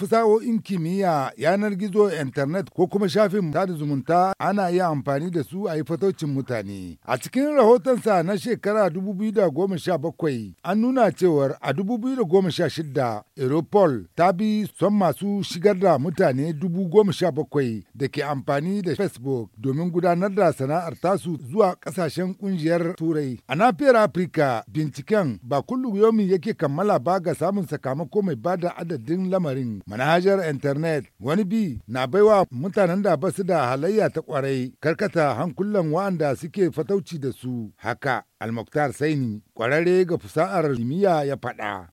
fasahohin kimiyya yanar gizo intanet ko kuma shafin sada zumunta ana iya amfani da su a yi fatocin mutane. A cikin rahotonsa na shekara 2017 an nuna cewar a 2016 Europol ta bi son masu shigar da mutane 17,000 da ke amfani da Facebook domin gudanar da sana'ar tasu zuwa kasashen kungiyar Turai. A nafiyar Afirka binciken ba kullum yomi yake kammala ba ga samun sakamako mai bada adadin lamarin manhajar intanet wani bi na baiwa mutanen da basu da halayya ta kwarai karkata hankulan wa'anda suke fatauci da su haka Almoktar Saini kwararre ga fusa'ar kimiyya ya faɗa.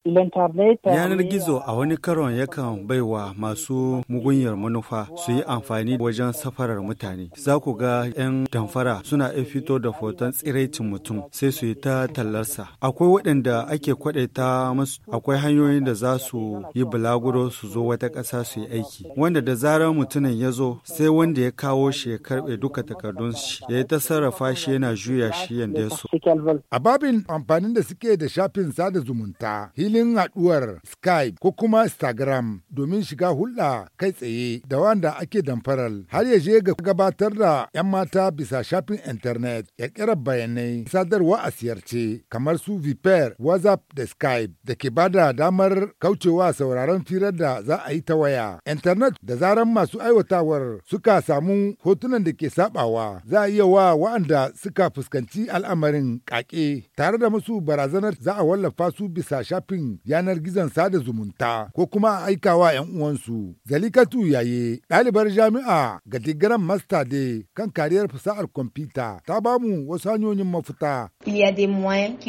Yanar gizo a wani karon yakan baiwa masu mugunyar manufa su yi amfani wajen safarar mutane. Za ku ga 'yan damfara suna iya fito da foton tsiraicin mutum sai su yi ta tallarsa. Akwai waɗanda ake kwaɗaita musu akwai hanyoyin da za su yi bulaguro su zo wata ƙasa su yi aiki. Wanda da zarar mutumin ya zo sai wanda ya kawo shi ya karɓe duka takardun shi ya yi ta sarrafa shi yana juya shi yadda ya so. Alval. A babin amfanin da suke da shafin sada zumunta, hilin haɗuwar Skype ko kuma Instagram domin shiga hulɗa kai tsaye da wanda ake damfarar har ya je ga gabatar da 'yan mata bisa shafin intanet ƙirƙirar bayanai sadarwa a siyarce kamar su Viper, WhatsApp da Skype da ke bada damar kaucewa sauraron firar da za a yi ta waya. Internet da zaran masu aiwatawar suka samu hotunan da ke sabawa za a iya wa wa'anda suka fuskanci al'amarin kake tare da masu barazanar za a wallafa su bisa shafin yanar gizon sada zumunta ko kuma a aikawa 'yan uwansu. Zalikatu yaye ɗalibar jami'a ga digiran masta de kan kariyar fasahar kwamfuta ta bamu wasu hanyoyin mafita.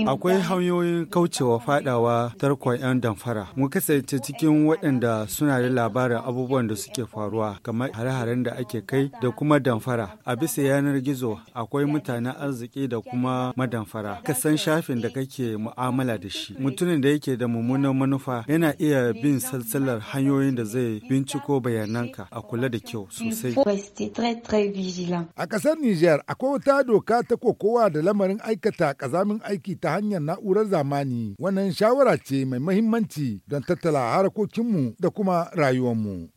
Akwai hanyoyin kaucewa fadawa tarkon 'yan damfara. Mu kasance cikin waɗanda suna da labarin abubuwan da suke faruwa kamar hare-haren da ake kai da kuma damfara. A bisa yanar gizo akwai mutanen arziki da kuma madamfara. fara ka san shafin da kake mu'amala da shi mutumin da yake da mummunan manufa yana iya bin salsalar hanyoyin da zai binciko bayananka a kula da kyau sosai a kasar niger akwai wata doka ta kokowa da lamarin aikata kazamin aiki ta hanyar na'urar zamani wannan shawara ce mai mahimmanci don tattala harkokinmu da kuma rayuwarmu